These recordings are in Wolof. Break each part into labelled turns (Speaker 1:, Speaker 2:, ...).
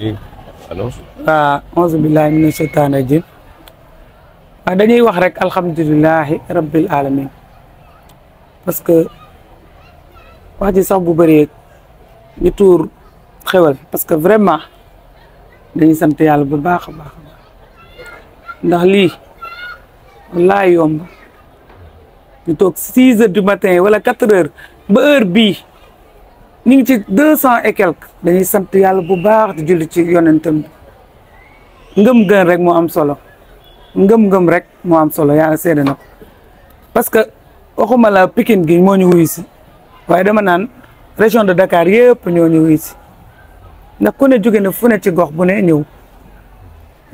Speaker 1: waaw
Speaker 2: auzu ah, billahi mina sheytaani rajim waaw ah, dañuy wax rek alhamdulilahi rabbil alamin parce que wax ji sax bu bëree ñu tuur xewal parce que vraiment dañuy sant yàlla bu baax a baax ndax lii wallaay yomb ñu toog six heures du matin wala quatre heures ba heure bii ñu ngi ci deux cent et dañuy sant yàlla bu baax di julli ci yonentam bi ngëm gën rek mu am solo ngëm-ngëm rek moo am solo yàlla seede na ko parce que waxuma la Pikine gi moo ñu wuyu si waaye dama naan région de Dakar yëpp ñoo ñu wuyu si ndax ku ne jóge na fu ne ci gox bu ne ñëw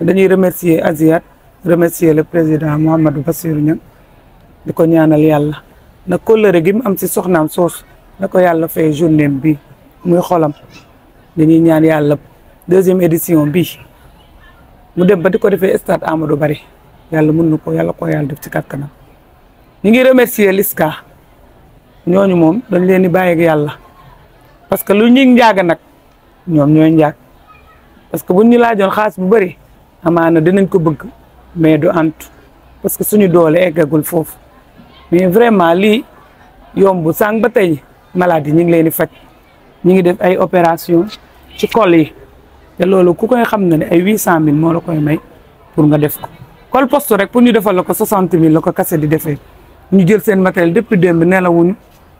Speaker 2: dañuy remercier Aziat remercier le président Mouhamadou Bassirou Niang di ko ñaanal yàlla na kóllëre gi am si soxnaam soosu na ko yàlla fay journée bi muy xolam dañuy ñaan yàlla deuxième édition bi mu dem ba di ko defee stade Amadou Barry yàlla mun na ko yàlla ko yàlla def ci kàttanam ñu ngi remercier Liska ñooñu moom dañ leen di bàyyi yàlla parce que lu ñuy njaaga nag ñoom ñooy njaag parce que buñ ñu laajoon xaalis bu bëri amaana dinañ ko bëgg mais du ant parce que suñu doole eggagul foofu mais vraiment lii yomb sànq ba tey maladie ñu ngi leen di faj ñu ngi def ay opération ci col yi te loolu ku koy xam na ne ay huit cent mille moo la koy may pour nga def ko col poste rek pour ñu defal la ko soixante mille la ko kase di defee ñu jël seen matériel depuis démb nelawuñu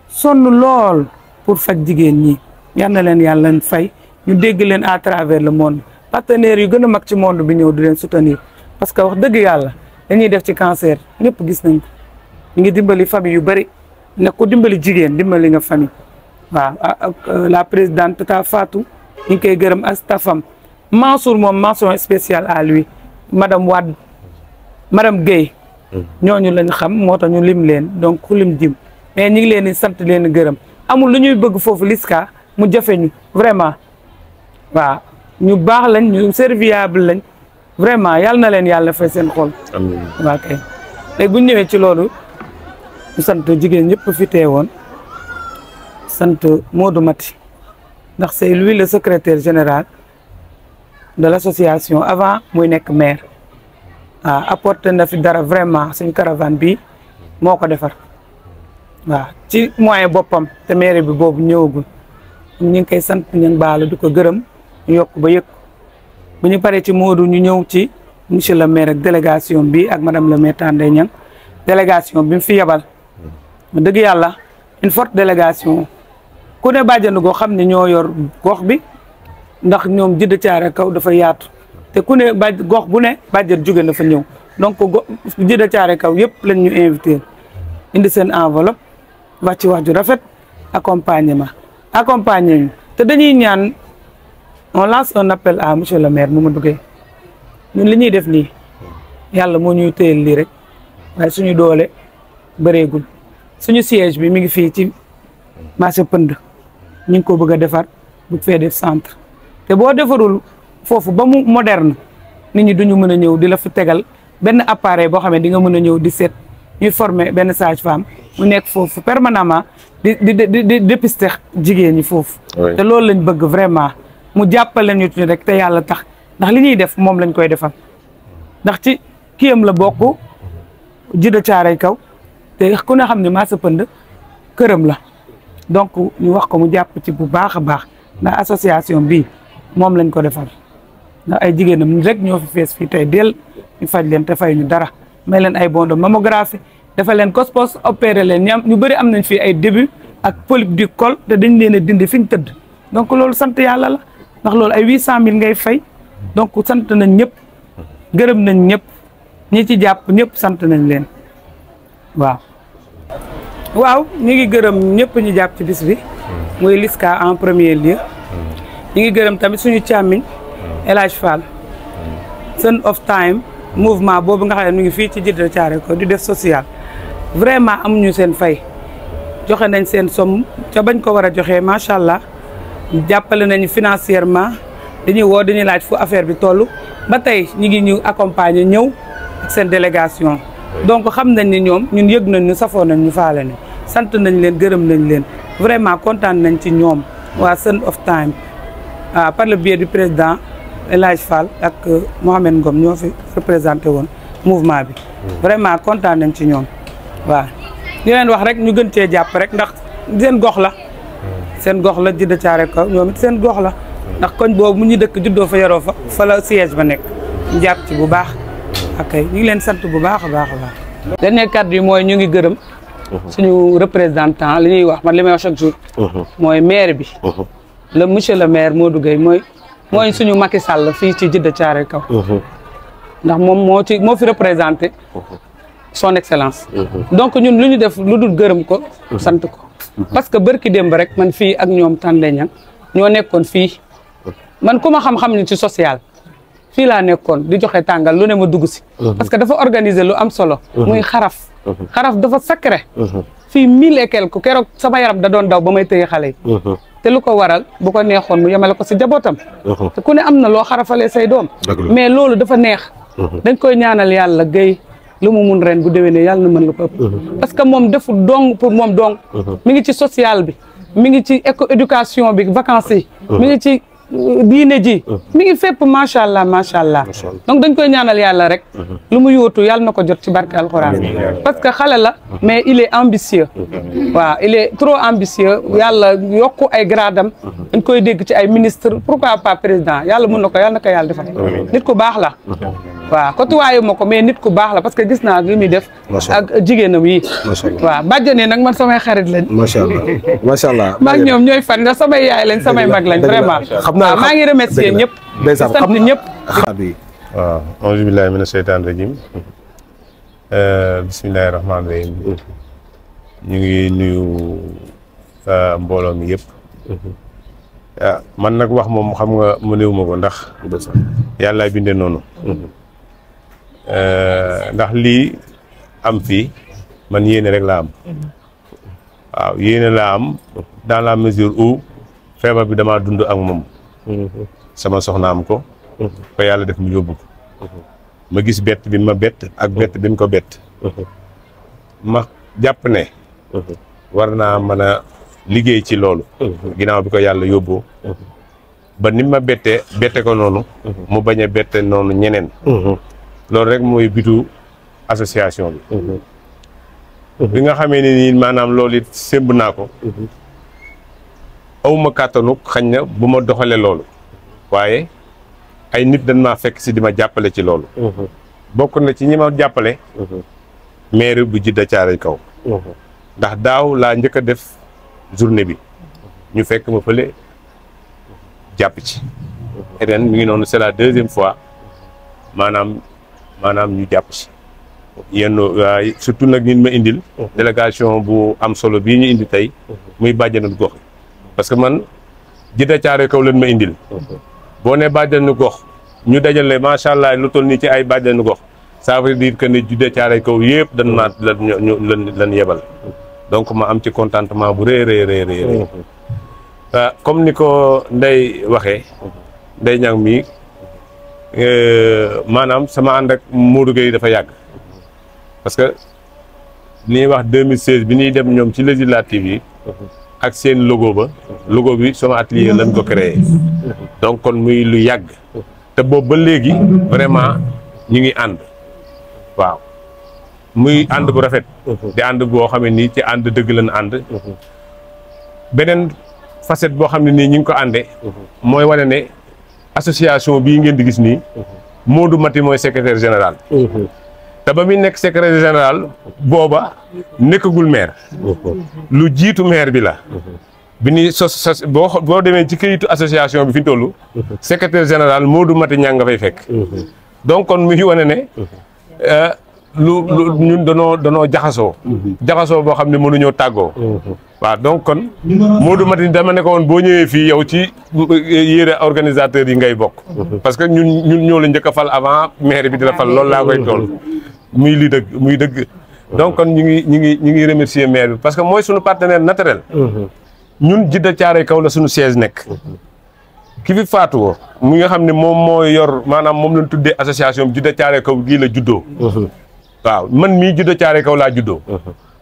Speaker 2: sonn lool pour faj jigéen ñi yal na leen yàlla leen fay ñu dégg leen à travers le monde partenaires yu gën a mag ci monde bi ñëw di leen soutenir parce que wax dëgg yàlla dañuy def ci cancer ñëpp gis nañ ñu dimbali famille yu bëri ne dimbali jigéen dimbali nga famille waaw ah, ah, la présidente Tata Fatou ñu ngi koy gërëm ak stafam Mansour moom mention spéciale à lui madame Wade madame ñoo ñu lañ xam moo tax ñu lim leen donc ku lim jim mais ñi ngi leen di sant leen gërëm amul lu ñuy bëgg foofu Liska mu jafe ñu vraiment waa ñu baax lañ ñu serviable lañ vraiment yàlla na leen yàlla fay seen xol. amiin kay léegi ñëwee ci loolu. ñu sant jigéen ñëpp fi teewoon sant Modou Mati ndax c'est lui le secrétaire général de l'association avant muy nekk maire waaw apporté na fi dara vraiment suñu caravane bi moo ko defar waaw ci moyen boppam te maire bi boobu ñëwagul ñu ngi koy sant ñu ngi baalu du ko gërëm ñu ba yëg bu ñu paree ci Modou ñu ñëw ci monsieur le maire ak délégation bi ak madame le maire Tande Niang délégation bi mu fi yebal dëgg yàlla une forte délégation ku ne bàjjenu gox xam ne ñoo yor gox bi ndax ñoom jëdd caare kaw dafa yaatu te ku ne bàjj gox bu ne bàjjen jóge na fa ñëw donc go jëdd caare kaw yëpp lañ ñu invité indi seen enveloppe wax ci wax ju rafet accompagnement accompagner ñu te dañuy ñaan on lance un appel à monsieur le maire Mamadou Gueye ñun li ñuy def nii yàlla moo ñuy téyel lii rek waaye suñu doole bareegul suñu siège bi mi ngi fii ci marché pënd ñu ngi ko bëgg a defar bu fee def centre te boo defarul foofu ba mu moderne nit ñi duñu mën a ñëw di la fu tegal benn appareil boo xam ne di nga mën a ñëw di seet ñu former benn sage femme mu nekk foofu permanemment di di di di jigéen ñi foofu. te loolu lañ bëgg vraiment mu jàppaleen ñu tuuti rek te yàlla tax ndax li ñuy def moom lañ koy defar ndax ci kiyam la bokk jida caaray kaw. te ku ne xam ne Massa Pënd këram la donc ñu wax ko mu jàpp ci bu baax a baax ndax association bi moom lañ ko defal ndax ay jigéenam rek ñoo fi fees fii tey del ñu faj leen te fay ñu dara may leen ay bon de mammographie dafa leen kospos opéré leen ñam ñu bëri am nañ fii ay début ak polype du kol te dañ leen a dindi fi ñu tëdd donc loolu sant yàlla la ndax loolu ay huit cent mille ngay fay donc sant nañ ñëpp gërëb nañ ñëpp ñi ci jàpp ñëpp sant nañ leen waaw waaw ñu ngi gërëm ñëpp ñu jàpp ci bis bi hmm. muy Liska en premier lieu
Speaker 3: hmm.
Speaker 2: ñu ngi gërëm tamit suñu càmmiñ hmm. El Hadj Fall Sun of Time mouvement boobu nga xam ne ñu ngi fii ci Djeddah Thiaroye ko di def social vraiment amuñu seen fay joxe nañ seen somme ca bañ ko war a joxee macha allah jàppale nañ financièrement dañuy woo dañuy laaj fu affaire bi toll ba tey ñu ngi ñu accompagner ñëw ak seen délégation donc xam nañ ni ñoom ñun yëg nañ ñu safoon nañ ñu faale ñu sant nañ leen gërëm nañ leen vraiment kontaan nañ ci ñoom waa Sun of Time ah par le biais du président El Hadj Fall ak euh, Mohamed Ngom ñoo fi représenté woon mouvement bi. Hmm. vraiment kontaan nañ ci ñoom waaw. ñu leen wax rek ñu gën cee jàpp rek ndax seen gox la. Hmm. seen gox la Djiddah Thiaroye Kao ñoom it seen gox la. Hmm. ndax koñ boobu mu ñu dëkk juddoo fa yaroo fa fa la siège ba nekk ñu jàpp ci bu baax. ok ñu ngi leen sant bu baax a baax a baax. dernier kàddu yi mooy ñu ngi gërëm. Uh-huh. suñu représentant li ñuy wax man li may wax chaque jour. Uh-huh. mooy maire bi. Uh-huh. la monsieur le maire Modou Gueye mooy. mooy suñu Macky Sall fii ci Jidda Thiaroye Kaw. ndax moom moo ci moo fi représenté. son excellence. donc ñun lu ñu def lu dul gërëm ko. sant ko parce que bërki démb rek man fii ak ñoom Tande Niang ñoo nekkoon fii. man ku ma xam-xam ni ci social. fii laa nekkoon di joxe tàngal lu ne ma dugg si. parce que dafa organiser lu am solo. muy xaraf. Mhm. xaraf dafa sacré mhm. fii mille et quelque keroog sama yaram da daw ba may tëye xale mhm. te lu ko waral bu ko neexoon mu yemale ko si jabootam te ku ne am na loo xarafalee say doom mais loolu dafa neex dañ koy ñaanal yàlla gay lu mu mun ren bu déwénee yàlla na mën lu ko parce que moom defu dong pour moom dong mi ngi ci social bi mi ngi ci éco éducation bi vacances yi mi ngi ci diine ji mi ngi fépp macha allah macha allah donc dañ koy ñaanal yàlla rek lu mu yóotu yàlla na ko jot ci barke alxuraan parce que xale la mais il est ambitieux waaw il est trop ambitieux yàlla yokku ay gradam dañ koy dégg ci ay ministre pourquoi pas président yàlla mun na ko yàlla na ko yàlla defal nit ku baax la waaw kotuwaayu ma ko mais nit ku baax la parce que gis naa li muy def ak jigéenam yi waaw bàjjanee nag man samay xarit lañ macha allah macha allah maag ñoom ñooy fan ndax xam naa maa ngi remercier ñëpp. ndeysaan xam naa ñëpp.
Speaker 1: waaw auzu billaahi mina seytaani rajim euh, ngi nuyu euh, mbooloo mi yëpp. Euh, man nag wax moom xam nga mu néew ma ko ndax. yàlla bindee noonu. Mhm. ndax lii am fii man yéene rek laa am. Mhm. waaw yéene laa am dans la mesure où feebar bi damaa dund ak moom. sama soxna am ko. ba yàlla def mu yóbbu ko. ma gis bett bi ma bett ak bett bi mu ko bett. ma jàpp ne. war naa mën a liggéey ci loolu. ginnaaw bi ko yàlla yóbboo. ba ni ma bette bette ko noonu. mu bañ a bette noonu ñeneen. loolu rek mooy bitu association bi. bi nga xamee ne nii maanaam loolu it sémb naa ko. awma kàttanu xañ na bu ma doxalee loolu waaye ay nit dañ maa fekk si di ma jàppale ci loolu mhm. bokk na ci ñi ma jàppale mhm. maire bu ji jidda caaray kaw mhm. ndax daaw laa njëkk a def journée bi ñu fekk ma fële jàpp ci ren mi ngi noonu c'est la deuxième fois maanaam maanaam ñu jàpp si yenn waaye surtout nag ñun ma indil délégation bu am solo bii ñu indi tey muy bàjjanal gox parce que man jidda caare kaw leen ma indil boo ne bàjjanu gox ñu dajale macha allah lu toll nii ci ay bàjjanu gox ça veut dire que ne jidda caare kaw yëpp dañ maa lan ñu lan yebal donc ma am ci contentement bu rëy rëy rëy rëy euh, comme ni ko Ndeye waxee Ndeye Niang mii euh, maanaam sama ànd ak Modou Gueye dafa yàgg parce que li ñuy wax 2016 bi ñuy dem ñoom ci législative yi ak seen logo ba logo bi sama atelier lañ ko créé donc kon muy lu yàgg te boobu ba léegi vraiment ñu ngi ànd waaw muy ànd bu rafet di ànd boo xam nii ci ànd dëgg lañ ànd beneen facette boo xam ne nii ñu ngi ko àndee mooy wane ne association bii ngeen di gis nii Modou Mati mooy secretaire général te ba muy nekk secrétaire général booba nekkagul maire lu jiitu maire bi la bi ñuy sos sos boo boo demee ci këyitu association bi fi ñu toll secretaire général Modou Mati Niang nga fay fekk donc kon mu ngi wane ne euh, lu lu ñun danoo danoo jaxasoo jaxasoo boo xam ne mënuñoo tàggoo waa donc kon Modou Mati dama ne ko woon boo ñëwee fii yow ci euh, yére organisateurs yi ngay bokk parce que ñun ñun ñoo la njëkk fal avant maire bi di la fal loolu laa koy tool muy lii dëgg muy dëgg. donc kon ñu ngi ñu ngi ñu ngi remercier maire bi parce que mooy suñu partenaire naturel. Mm-hmm. ñun Jidda Caaroy kaw la suñu siège nekk. Mm-hmm. ki fi faatu mu nga xam ne moom moo yor maanaam moom lañ tuddee association Jidda caaree kaw gii la juddoo. Mm-hmm. waaw man mii Jidda Caaroy kaw laa juddoo.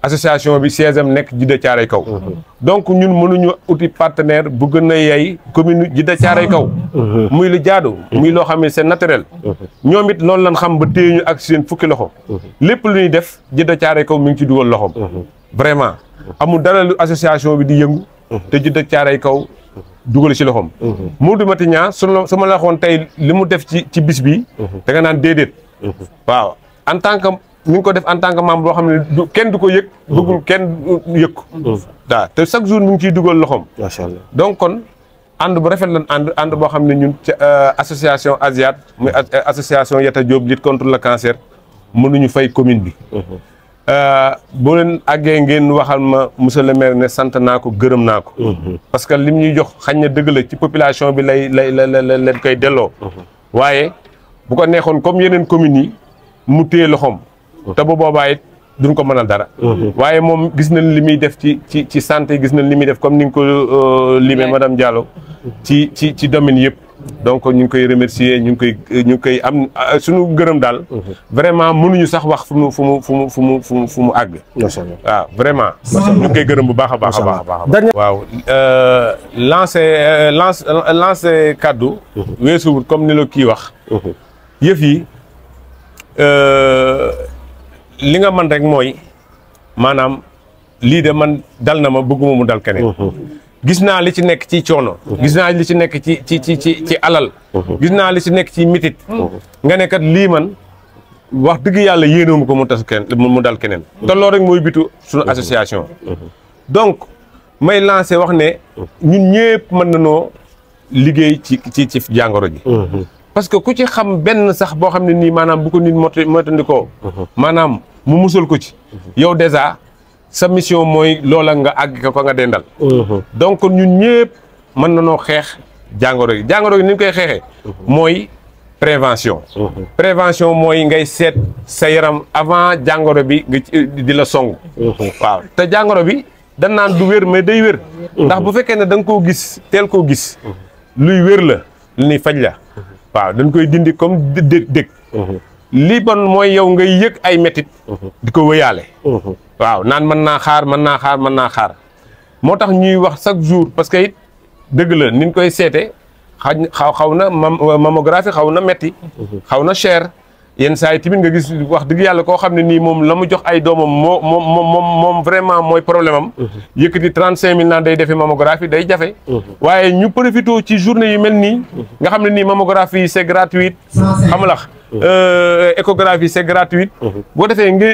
Speaker 1: association bi siège am nekk Djiddah Thiaroye Kaw mhm. donc ñun mënuñu uti partenaire bu gën a yey commune Djiddah Thiaroye Kaw mhm. muy lu jaadu muy loo xam ne c'est naturel mhm. ñoom it loolu lañ xam ba téye ñu ak seen fukki loxo lépp lu ñuy def Djiddah Thiaroye Kaw mu ngi ci dugal loxoom vraiment amul dara lu association bi di yëngu te Djiddah Thiaroye Kaw dugal ci loxoom Modou Mati Niang su ma la waxoon tey li mu def ci ci bis bi da nga naan déedéet waaw en tant mi ngi ko en tant que membre boo xam ne du kenn du ko yëg. bëggul mhm. kenn yëg ko. Mhm. te chaque jour mi ngi ciy dugal loxoom. macha allah kon ànd bu rafet lan ànd ànd boo xam ne ñun ca euh, association Asiat muy euh, association Yatta Diop lutte contre le cancer mënuñu fay commune bi. Mhm. Euh, boo leen àggee ngeen waxal ma monsieur le maire ne sant naa ko gërëm naa ko. parce que lim ñuy jox xañ na dëgg la ci population bi lay lay la la leen koy delloo. waaye bu ko neexoon comme yeneen communes yi mu téye loxoom. te bu boobaa it duñ ko mënal dara. Mhm. waaye moom gis nañ li muy def ci ci ci santé gis nañ li muy def comme ni nga ko euh, limee madame jaalo ci ci ci domaine yëpp. donc ñu ngi koy remercier ñu ngi koy ñu koy am euh, suñu gërëm daal. Mhm. vraiment mënuñu sax wax fu mu fu mu fu mu fu mu fu mu fu mu àgg. waaw ah, vraiment. ñu koy gërëm bu baax a baax a baax a baax. waaw lancer euh, lance lancer kàddu. Mhm. weesuwut comme ni la kii wax. yëf yi. li nga man rek mooy maanaam lii de man dal na ma bëgguma mu dal keneen mhm. gis naa li ci nekk ci coono mhm. gis naa li ci nekk ci ci ci ci ci alal mhm. gis naa li ci nekk ci mitit nga nekkat lii man wax dëgg yàlla yéenewuma ko mu tas keneen mu dal keneen te loolu mooy bitu sunu association donc may lancé wax ne ñun ñëpp mën na noo liggéey ci ci ci jàngoro ji parce que ku ci xam benn sax boo xam ne nii maanaam bu ko nit ko mhm. maanaam mu musal ko ci mhm. yow dèjà sa mission mooy loola nga àgg ko ko nga dendal mhm. donc ñun ñëpp mën na noo xeex jàngoro yi jàngoro yi ni koy xeexee mooy prévention prévention mooy ngay seet sa yaram avant jàngoro bi di la song waaw te jàngoro bi da naan du wér mais day wér ndax bu fekkee ne da nga koo gis teel koo gis luy wér la lu ñuy faj la waaw dañ koy dindi comme dég dég mhm. li bon mooy yow ngay yëg ay métit mhm. di ko wëyaale mhm. waaw naan mën naa xaar mën naa xaar mën naa xaar moo tax ñuy wax chaque jour parce que it dëgg la niñ koy seete xaw xaw na mammographie xaw na metti xaw na cher yenn saa yi tamit nga gis wax dëgg yàlla koo xam ne nii moom la mu jox ay doomam moo moom moom moom vraiment mooy problème am. Mhm. yëkkati trente cinq mille naan day defee mammographie day jafe. Mhm. waaye ñu profité ci journée yi mel nii. Mhm. nga xam ne nii mammographie yi c'est gratuite. xam lax euh, échographie c'est gratuite. boo defee nga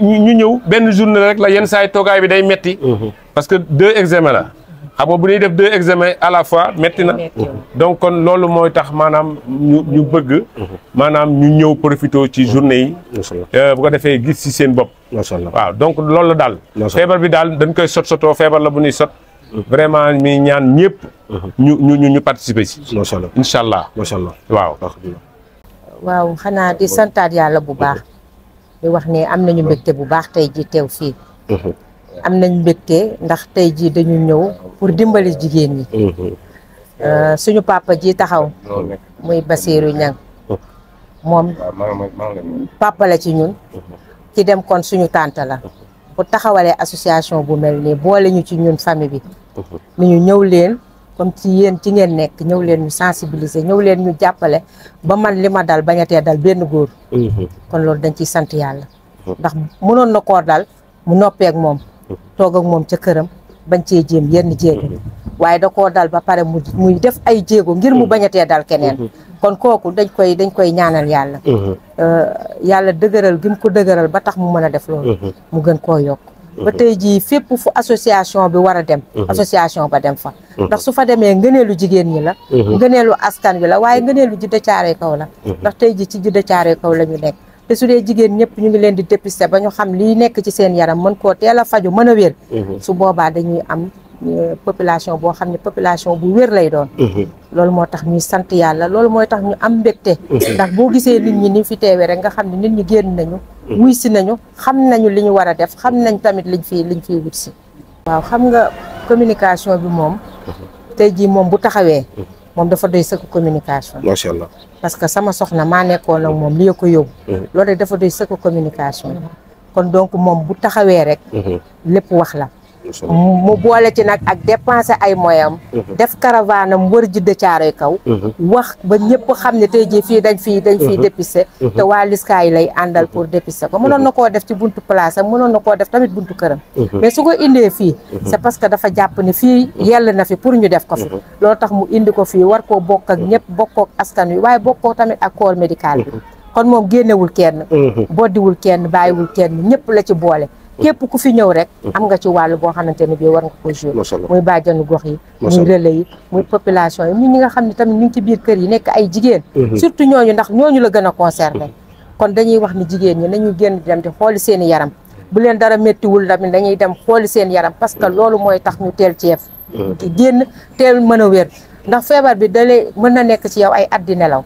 Speaker 1: ñu ñëw benn journée rek la yenn saa yi toogaay bi day metti parce que deux examens la. xam nga bu ñuy def deux examens à la fois métti na donc kon loolu mooy tax maanaam ñu bëgg maanaam ñu ñëw profité ci journée yi euh, bu ko defee gis ci seen bopp waaw donc loolu la daal feebar bi daal dañ koy sot sotoo feebar la bu ñuy sot vraiment mi ñaan ñëpp ñu ñu ñu participer ci incha allah macha allah waaw
Speaker 4: waaw xanaa di santaat yàlla bu baax di wax ne am nañu mbégte bu baax tey ji teew fii am nañ mbégte ndax tey jii dañu ñëw pour dimbali jigéen ñi mm-hmm. euh, suñu pàppa ji taxaw oh, muy Basiiru Ñang oh. moom pàppale ah, ci ñun ci mm-hmm. dem kon suñu tante la bu mm-hmm. taxawale association bu mel nii boole ñu ci ñun famille bi ni ñu ñëw leen comme ci yéen ci ngeen nekk ñëw leen ñu sensibiliser ñëw leen ñu jàppale ba man li ma dal bañ tee dal benn góor kon loolu dañ ciy sant yàlla ndax mënoon na koo dal mu noppee ak moom toog ak moom ca këram bañ cee jéem yenn jéego waaye da koo dal ba pare mu muy def ay jéego ngir mu bañatee dal keneen kon kooku dañ koy dañ koy ñaanal yàlla mhm. yàlla dëgëral gim ko dëgëral ba tax mu mën a def loolu mhm. mu gën koo yokk mhm. ba tey jii fépp fu association bi war a dem association ba dem fa ndax su fa demee ngëneelu jigéen ñi la ngëneelu askan wi la waaye ngëneelu Djiddah Thiaroye Kaw la ndax tey jii ci Djiddah Thiaroye Kaw la ñu nekk te su dee jigéen ñëpp ñu ngi leen di dépister ba ñu xam lii nekk ci seen yaram mën koo teel a faju mën a wér mhm. su boobaa dañuy am euh, population boo xam ne population bu wér lay doon mhm. loolu moo tax ñuy sant yàlla loolu mooy tax ñu am mbégte mhm. ndax boo gisee nit ñi ni fi teewee rek nga xam ne nit ñi génn nañu wuy si nañu xam nañu li ñu war a def xam nañ tamit liñ fi liñ fiy wut si waaw xam nga communication bi moom tey jii moom bu taxawee moom dafa doy sëkk communication. macha parce que sama soxna maa nekkoon ak moom li ko yóbbu. Mhm. loolu dafa doy sëkk communication. kon donc moom bu taxawee rek. Mhm. lépp wax la. mu boole ci nag ak dépensé ay moyam mhm. def caravane am wër ji de caaroy kaw mhm. wax ba ñëpp xam ne tey jii fii dañ fii dañ fii mhm. dépisté te waa yi lay àndal pour dépisté ko mënoon na koo def ci buntu place am mënoon na koo def tamit buntu këram mais su ko indee fii c'est parce que dafa jàpp ne fii yell na fi pour ñu def ko fi loolu tax mu indi ko fii war koo bokk ak ñëpp bokkook askan wi waaye bokkoo tamit ak corps médical bi kon moom génnewul kenn boddiwul kenn bàyyiwul kenn ñëpp la ci boole képp ku fi ñëw rek am nga ci wàll boo xamante ne bii war nga ko joué muy bàjjanu gox yi muy relais yi muy population yi muy ñi nga xam ne tamit ñu ngi ci biir kër yi nekk ay jigéen mhm. surtout ñooñu ndax ñooñu la gën a concerné mhm. kon dañuy wax ni jigéen ñi nañuy génn di dem di xooli seen i yaram bu leen dara méttiwul tamit dañuy dem xooli seen yaram parce que mhm. loolu mooy tax ñu teel ceeb génn teel mën a wér ndax feebar bi dalee mën na nekk ci yow ay addi nelaw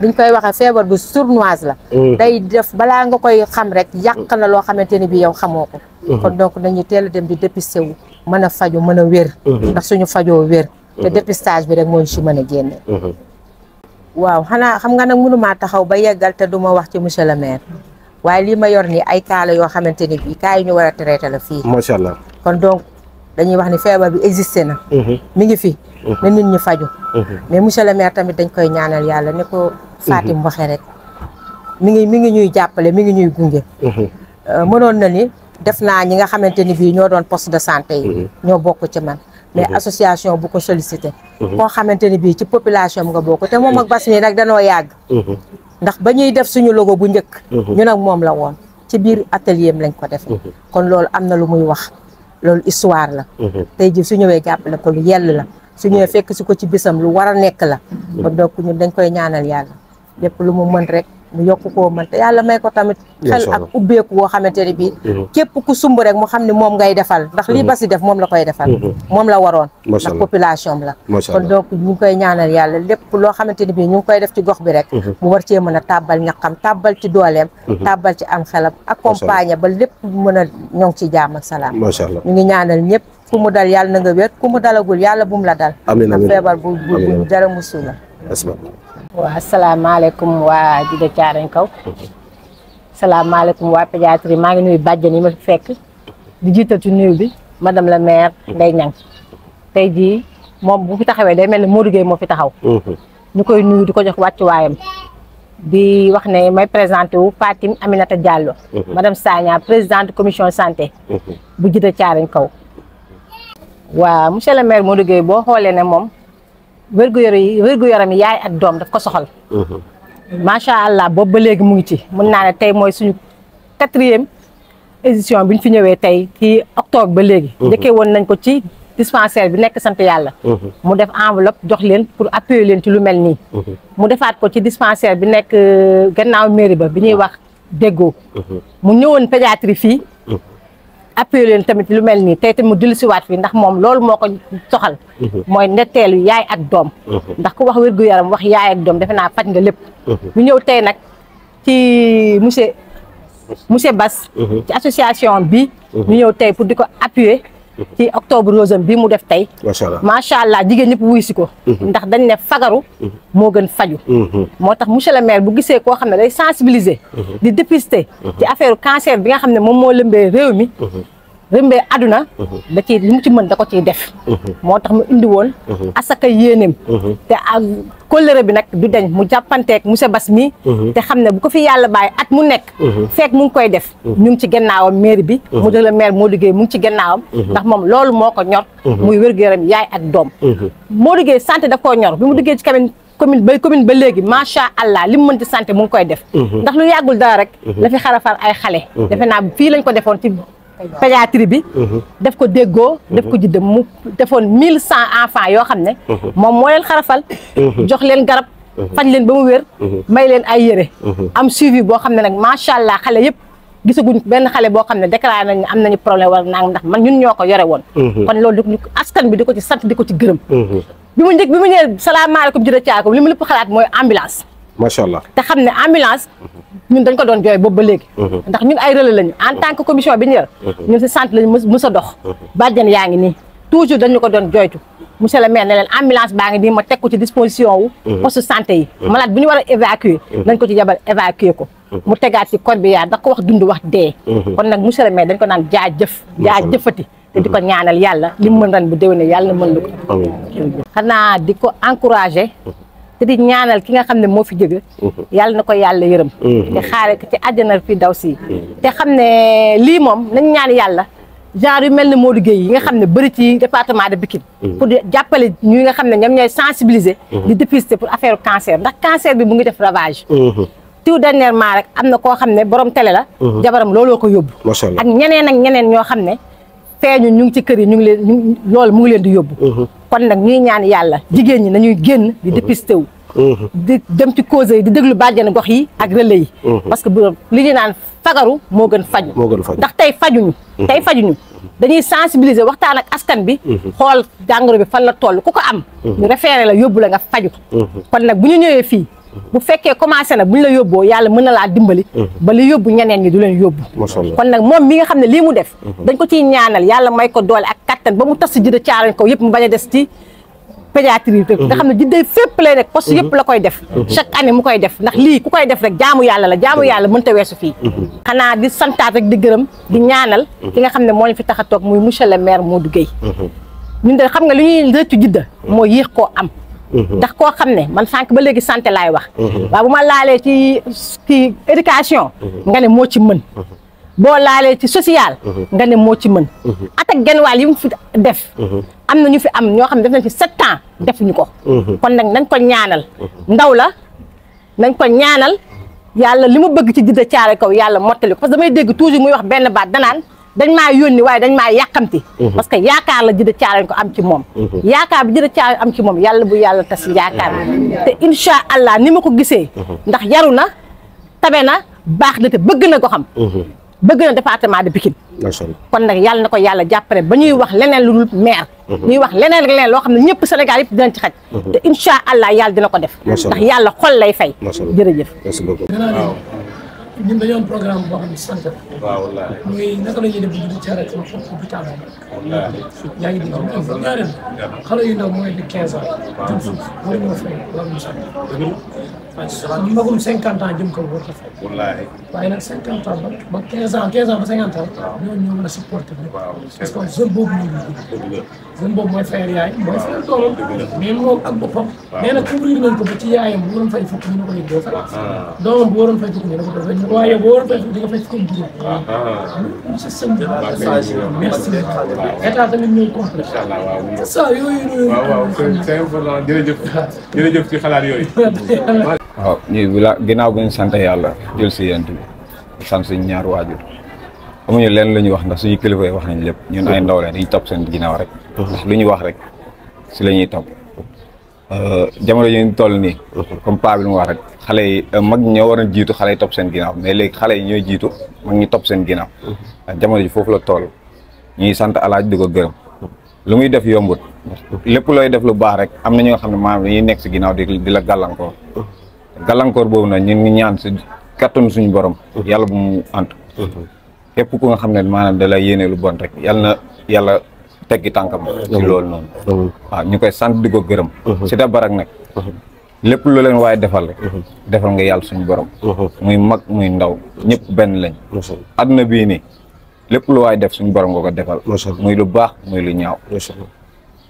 Speaker 4: duñ koy waxee feebar bu sournoise la mm. day def balaa nga koy xam rek yàq mm. na loo xamante ni bi yow xamoo ko mm-hmm. kon donc dañuy teel a dem di dépister wu mën a faju mën a wér mm-hmm. ndax suñu fajoo wér te mm-hmm. dépistage bi rek moo ñu si mën a génne waaw xanaa xam nga nag mënumaa taxaw ba yeggal te du ma wax ci monsieur le maire waaye lii ma yor nii ay kaala yoo xamante ni bii kaa yi ñu war a traité la fii macha allah kon donc dañuy wax ni feebar bi existé na. Mhm. mi ngi fi. Mhm. na nit ñi faju mhm. mais monsieur le maire tamit dañ koy ñaanal yàlla ne ko. Fatim waxee rek mi ngi mi ngi ñuy jàppale mi ngi ñuy gunge. Euh, mënoon na ni def naa ñi nga xamante ni bii ñoo doon poste de santé yi. ñoo bokk ci man. mais association bu ko sollicité. koo xamante ni bii ci population nga bokk te moom ak bas mi nag danoo yàgg. ndax ba ñuy def suñu logo bu njëkk. ñu nag moom la woon ci biir atelier lañ ko defee. kon loolu am na lu muy wax. loolu histoire la mhm. tey jii su ñëwee la ko lu yell la su ñëwee mhm. fekk si ko ci bisam lu war a nekk la mhm. kon donc ñun dañ koy ñaanal yàlla lépp lu mu mën rek mu yokk koo man te yàlla may ko tamit xel ak ubbeeku woo xamante ne bii mm-hmm. képp ku sumb rek mu xam ne moom ngay defal ndax lii mm-hmm. basi def moom la koy defal mm-hmm. moom la waroon ndax population la kon donc ñu ngi koy ñaanal yàlla lépp loo xamante ne bii ñu ngi koy def ci gox bi rek mu war cee mën a tàbbal ñaqam tàbbal ci dooleem tàbbal ci am xelab xelam accompagner ba lépp mën a ñoŋ ci jaam ak salaam macha allah ñu ngi ñaanal ñëpp ku mu dal yàlla na nga wér ku mu dalagul yàlla bu mu la dal amiin amiin feebar bu bu dara musu la waaw asalaamaaleykum waa Djidah Thiaroye Kaw asalaamaaleykum waa pédiatrie maa ngi nuyu bàjjen yi ma fi fekk di jiital ci nuyu bi madame la maire Ndeye Niang tey jii moom bu fi taxawee day mel ni Modou Gueye moo fi taxaw mhm. ñu koy nuyu di ko jox wàccuwaayam bi wax ne may présenté wu nata jàlloo Diallo mhm. madame Sagna présidente commission santé mhm. bu Djidah Thiaroye Kaw waa monsieur le maire Modou Gueye boo xoolee ne moom wér yore yi wér-gu-yaram yaay at doom daf ko soxal. Mhm. macha allah boobu ba léegi mu ngi ci mën naa ne tey mooy suñu quatrième édition bi ñu fi ñëwee tey ci octobre ba léegi. Mhm. njëkkee woon nañ ko ci dispensaire bi nekk sant yàlla. Mhm. mu def enveloppe jox leen pour appuyer leen ci lu mel nii. mu defaat ko ci dispensaire bi nekk euh, gannaaw mairie ba bi ñuy wax déggoo. mu ñëwoon pédiatrie fii. appuyé leen tamit lu mel nii tey tamit mu dellu siwaat fii ndax moom loolu moo ko soxal mhm. mooy netteelu yaay ak doom mhm. ndax ku wax wér-gu-yaram wax yaay ak doom defe naa faj nga lépp mhm. ñu ñëw tey nag ci monsieur monsieur Bass ci association bi ñu ñëw tey pour di ko appuyer ci octobre rose am mu def tey. macha allah macha allah jigéen ñëpp wuy si ko. Mhm. ndax dañ ne fagaru. Mhm. moo gën faju mhm. moo tax monsieur le maire bu gisee koo xam ne day sensibiliser. di dépister. ci affaire cancer bi nga xam ne moom moo lëmbee réew mi. rëmbee àdduna mhm. da ci li mu ci mën da ko ciy def mhm. moo tax mu indi woon mhm. asaka yéeneem te ak kóllëre bi nag du dañ mu jàppanteeg monsieur Bass mi te xam ne bu ko fi yàlla bàyyi at mu nekk fekk mu ngi koy def ñu ngi ci gannaawam maire bi mu dëla maire moo liggéey mu ngi ci gannaawam ndax moom loolu moo ko ñor muy wér-gu-yaram yaay ak doom moo liggéey sante daf koo ñor bi mu liggéey ci kamin commune ba commune ba léegi macha allah li mu mën ci sante mu ngi koy def ndax lu yàggul dara rek la fi xarafal ay xale defe fii lañ ko defoon ci pédiatrie bi mhm. def ko déggoo def ko mhm. jidda mu defoon mille cent enfants yoo xam ne mhm. moom moo leen xarafal jox leen garab faj leen ba mu wér may leen ay yére am suivi boo xam ne nag macha allah xale yëpp gisaguñ benn xale boo xam ne déclaré nañ am nañu problème war naang ndax man ñun ñoo ko yore woon kon loolu di askan bi di ko ci sant di ko ci gërëm bi mu njëkk bi mu ñëwee salaamaaleykum jërë caakum li mu lépp xalaat mooy ambulance macha allah te xam ne ambulance ñun dañ ko doon jooy boobu ba léegi mhm. ndax ñun ay relais lañu en tant que commission bi ñu yor mhm. ñun si centre lañu mës a dox mhm. bàjjen yaa ngi nii toujours dañu ko doon jooy monsieur le maire ne leen ambulance baa ngi nii ma teg ko ci disposition wu poste santé yi malade bu ñu war a évacuer dañ ko ci jabal évacuer ko mu tegaat ci corbillard ndax ko wax dund wax dee kon nag monsieur le maire dañ ko naan jaajëf jaajëfati te di ko ñaanal yàlla li mu mën ren bu déwénee yàlla mën na
Speaker 3: ko
Speaker 4: xanaa di ko encouragé te di ñaanal ki nga xam ne moo fi jóge mhm. yàlla na ko yàlla yërëm te mhm. xaare ko ci àjjana fi daw si mhm. te xam ne lii moom na ñaan yàlla genre yu mel ne moo Gueye yi nga xam ne bëri ci département de Pikine pour jàppale ñi nga xam ne ñoom ñooy sensibiliser pour affaire cancer ndax cancer bi mu ngi def ravage tout dernièrement rek am na koo xam ne borom télé la jabaram looloo ko yóbbu ak ñeneen ak ñeneen ñoo xam ne ñu ngi ci kër yi ñu ngi leen loolu mu ngi leen di yóbbu kon nag ñuy ñaan yàlla jigéen ñi nañuy génn di mhm. dépisté wu mhm. di dem ci cause yi di déglu bàjjenu gox yi ak relais yi mhm. parce que bu li ñu naan fagaru moo gën faju ndax tey fajuñu tey fajuñu dañuy sensibiliser waxtaan ak askan bi xool jàngoro bi fan la toll ku ko am ñu référé la yóbbu la nga faju kon nag bu ñu ñëwee fii bu fekkee commencé na bu ñu la yóbboo yàlla mën na laa dimbali mm-hmm. ba li yóbbu ñeneen ñi du leen yóbbu kon nag moom mi nga xam ne lii mu def mm-hmm. dañ ko ciy ñaanal yàlla may ko doole ak kattan ba mu tas si jidda caarañ ko yëpp mu bañ a des ci pédiatrie mm-hmm. nga xam ne jidday fépp lay nekk poste yëpp la koy def chaque année mu koy def ndax lii ku koy def rek jaamu yàlla la jaamu yàlla mën weesu fii xanaa di santaat rek di gërëm di ñaanal ki nga xam ne moo ñu fi tax toog muy monsieur le maire Modou Gueye ñun de xam nga li ñuy rëccu jidda moo yéex koo am ndax koo xam ne man sànq ba léegi santé laay wax. waaw bu ma laalee ci ci éducation. nga ne moo ci mën. boo laalee ci social. nga ne moo ci mën. at ak genn wàll yi mu fi def. am na ñu fi am ñoo xam ne def nañ fi sept ans defuñu ko. kon nag nañ ko ñaanal. ndaw la nañ ko ñaanal. yàlla li mu bëgg ci Djiddah Thiaroye kow yàlla mottali ko parce que damay dégg toujours muy wax benn baat danaan. dañ maa yónni waaye dañ maa yàqamti mhm. parce que yaakaar la jëda caarañ ko am ci moom mhm. yaakaar bi jëda caarañ am ci moom yàlla bu yàlla tas yaakaar bi mhm. te incha allah ni ma ko gisee ndax yaru na tabe na baax na te bëgg na ko xam bëgg na département de kon nag yàlla na ko yàlla jàppale ba ñuy wax leneen lu dul maire ñuy wax leneen ak loo xam ne ñëpp Sénégal yëpp dinañ ci xaj te incha yàlla dina ko def ndax yàlla xol lay fay jërëjëf ñun dañoo am programme boo xam ne sant la.
Speaker 5: waaw
Speaker 2: di caare sama xottu bu tàmbali. wallaahi
Speaker 5: yaa ngi dégg ñu am
Speaker 2: ñaareel yu ndaw mooy di 15 ans. waaw jëm suuf war nañoo fay ñu magum cinquante ans jëm kaw war ko fay. wallaahi waaye nag cinquante ans ba quinze ans quinze ans ba cinquante ans. ñooñu ñoo mën a supporter lépp. parce que jeune boobu moo ñu dugg. jeune boobu mooy fayal yaay mooy fayal doomam. mais moom ak boppam. waaw nee na couvrir nañ ko ba ci yaayam bu waroon fay fukk ñu ne ko yëg doo fay. Ah. doomam bu waroon fay fukk ñu ne ko doo fay waaye bu waroon fay fukk di nga fay fukk juróom.
Speaker 1: Ah,
Speaker 2: ah. merci état
Speaker 4: tamit ñooy
Speaker 1: complet.
Speaker 2: c'est ça
Speaker 4: yooyu. waaw waaw
Speaker 1: c'est important jërëjëf jërëjëf ci xalaat yooyu.
Speaker 6: waaw ñu la ginnaaw bi ñu sant yàlla jël si yent bi sant suñu ñaar waajur amuñu leen lu ñu wax ndax suñu kilifa yi wax nañ lépp ñun ay ndaw leen dañuy topp seen ginnaaw rek ndax lu ñu wax rek si la ñuy topp euh, jamono yi ñu toll nii comme paa bi wax rek xale yi euh, mag ñoo war a jiitu xale yi seen ginaaw mais léegi xale yi ñooy jiitu mag ñi topp seen ginnaaw euh, jamono ji foofu la tool ñuy sant alaaj di ko gërëm lu muy def yombut lépp looy def lu baax rek am na ñoo xam ne maanaam dañuy nekk si ginnaaw di di la gàllankoor gàllankoor boobu nag ñu ngi ñaan si kattan suñu borom. yàlla bu mu ant képp ku nga xam ne maanaam da lay yéene lu bon rek yàlla na yàlla teggi tànkam. ci loolu noonu. ñu koy sant di ko gërëm. si da barak nag. lépp lu leen waaye defal rek. defal nga yàlla suñu borom. muy mag muy ndaw ñëpp benn lañ. adduna bii nii lépp lu waaye def suñu borom nga ko defal. muy lu baax muy lu ñaaw.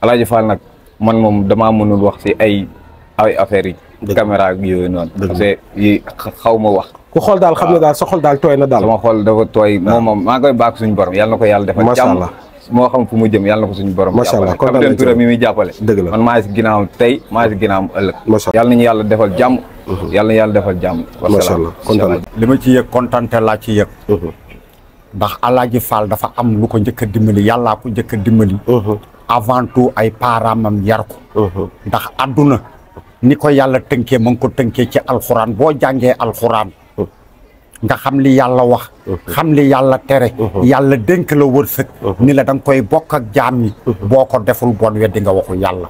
Speaker 6: Alaaji Fall nag man moom dama mënul wax si ay ay affaires yi. caméra ak yooyu noonu. parce que xaw ma wax. ku xool daal xam ne daal sa xol daal tooy na daal. sama xol dafa tooy moom moom maa ngi koy baax suñu borom yàlla na ko yàlla defal. macha allah xam fu mu jëm yàlla na ko suñu borom. macha allah mi muy jàppale. dëgg la man maa ngi si ginnaawam tey maa yàlla defal jàmm. Mhm.
Speaker 5: yàlla na yàlla defal jàmm. macha allah kontaan li ma ci yëg kontaante laa ci yëg. Mhm. ndax Alaaji Fall dafa am lu ko njëkk a dimbali yàllaa ko njëkk a dimbali. Mhm. avant tout ay paaraamam yar ko. ndax adduna ni ko yàlla tënkee ma ngi ko tënkee ci alxuraan boo jàngee alxuraan nga xam li yàlla wax xam li yàlla tere yàlla dënk la wërsëg ni la da koy bokk ak jaam yi boo ko deful bon weddi nga waxul yàlla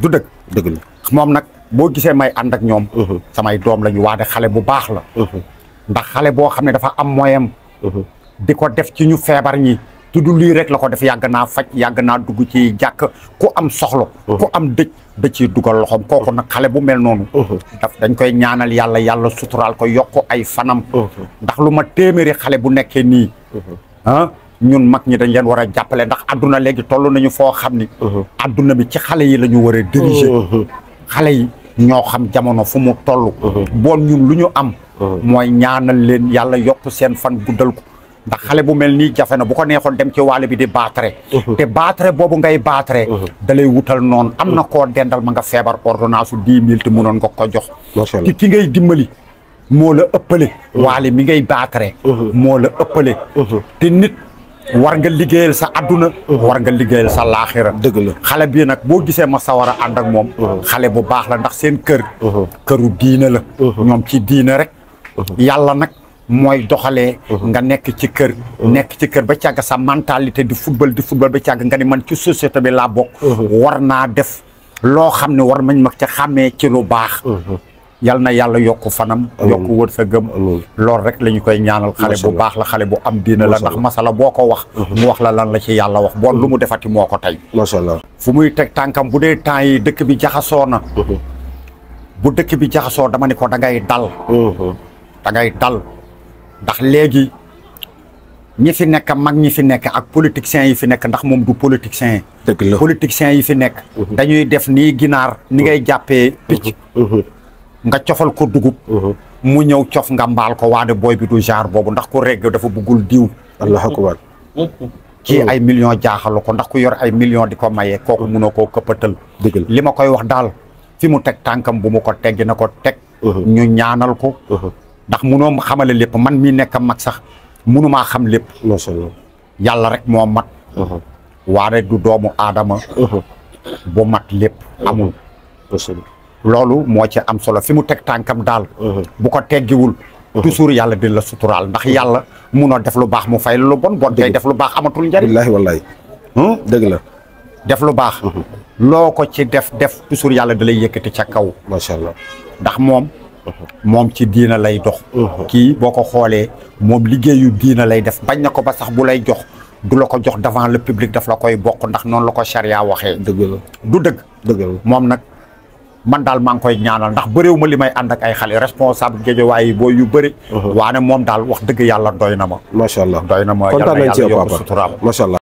Speaker 5: du dëgg dëgg moom nag boo gisee may ànd ak ñoom samay doom lañu waade xale bu baax la ndax xale boo xam ne dafa am moyen di ko def ci ñu feebar ñi te du lii rek la ko def yàgg naa faj yàgg naa dugg ci jàkk ku am soxla uh-huh. ku am dëj da ciy dugal loxoom kooku uh-huh. nag xale bu mel noonu uh-huh. daf dañ koy ñaanal yàlla yàlla suturaal ko yokk ay fanam ndax lu ma téeméeri xale bu nekkee nii ah, ñun mag ñi dañ leen war a jàppale ndax adduna léegi toll nañu foo xam ni adduna bi ci xale yi lañu ñu war xale yi ñoo xam jamono fu mu toll bon ñun lu ñu am mooy ñaanal leen yàlla yokk seen fan guddal ko ndax xale bu mel nii jafe na bu ko neexoon dem ci wàll bi di baatre mhm. te baatre boobu ngay baatre mhm. dalay wutal noonu am na koo dendal ma nga feebar ordonnance su dix mille te mënoon nga ko jox ci ki ngay dimbali moo la ëppale mhm. waale mi ngay baatre moo la ëppale te nit war nga liggéeyal sa adduna war nga liggéeyal sa laaxira dëgg la xale bii nag boo gisee ma sawar a ànd ak moom xale bu baax la ndax seen kër këru diine la ñoom ci diine rek yàlla nag mooy doxalee. Mhm. nga nekk ci kër. Mhm. nekk ci kër ba càgg sa mentalité di football di football ba càgg nga ni man ci société bi laa bokk. Mhm. war naa def loo xam ne war nañ mag ca xàmmee ci lu baax. yal na yàlla yokk fanam. yokk gëm loolu rek lañu koy ñaanal. xale bu baax la xale bu am diina la ndax masala boo ko wax. mu wax la lan la ci yàlla wax bon lu mu defati moo ko tey. macha fu muy teg tànkam bu dee temps yi dëkk bi jaxasoo na. bu dëkk bi jaxasoo dama ne ko da ngay dal. da ndax léegi ñi fi nekk mag ñi fi nekk ak politiciens yi fi nekk ndax moom du politicien. dëgg la politiciens yi fi nekk. Mhm. dañuy def nii ginaar ni ngay mhm. jàppee picc. Mhm. nga cofal ko dugub. mu ñëw cof nga mbaal ko waade booy bi du genre boobu ndax ku regg dafa buggul diw. allahu akbar. kii ay millions jaaxalu ko ndax ku yor ay millions di ko maye kooku munoo koo këppatal. dëgg li ma koy wax daal fi mu teg tànkam bu mu ko teggi na ko teg. ñu ñaanal ko. ndax munoo xamale lépp man mii nekk mag sax munumaa xam lépp. macha yàlla rek moom mat. Uh-huh. waare du doomu aadama. Uh-huh. bu mat lépp uh-huh. amul. loolu moo ci am solo fi mu teg tànkam daal. bu ko teggiwul. toujours yàlla di la suturaal ndax yàlla munoo def lu baax mu fay lu bon bon tey def lu baax amatul njariñ. billaahi wallaahi. Hmm? dëgg la. def lu baax. loo ko ci def def toujours yàlla da lay yëkkati ca kaw. ndax moom. moom ci diina lay dox uh-huh. kii boo ko xoolee moom liggéeyu diina lay def bañ na ko ba sax bu lay jox du la ko jox devant le public daf la koy bokk ndax noonu la ko charia waxee dëgg la du dëgg dëgg moom nag man daal maa ngi koy ñaanal ndax bëréew ma li may ànd ak ay xale responsable géejawaay yi booy yu bëri uh-huh. waane moom daal wax dëgg yàlla doy na ma macha allah doy
Speaker 6: na ma kontaan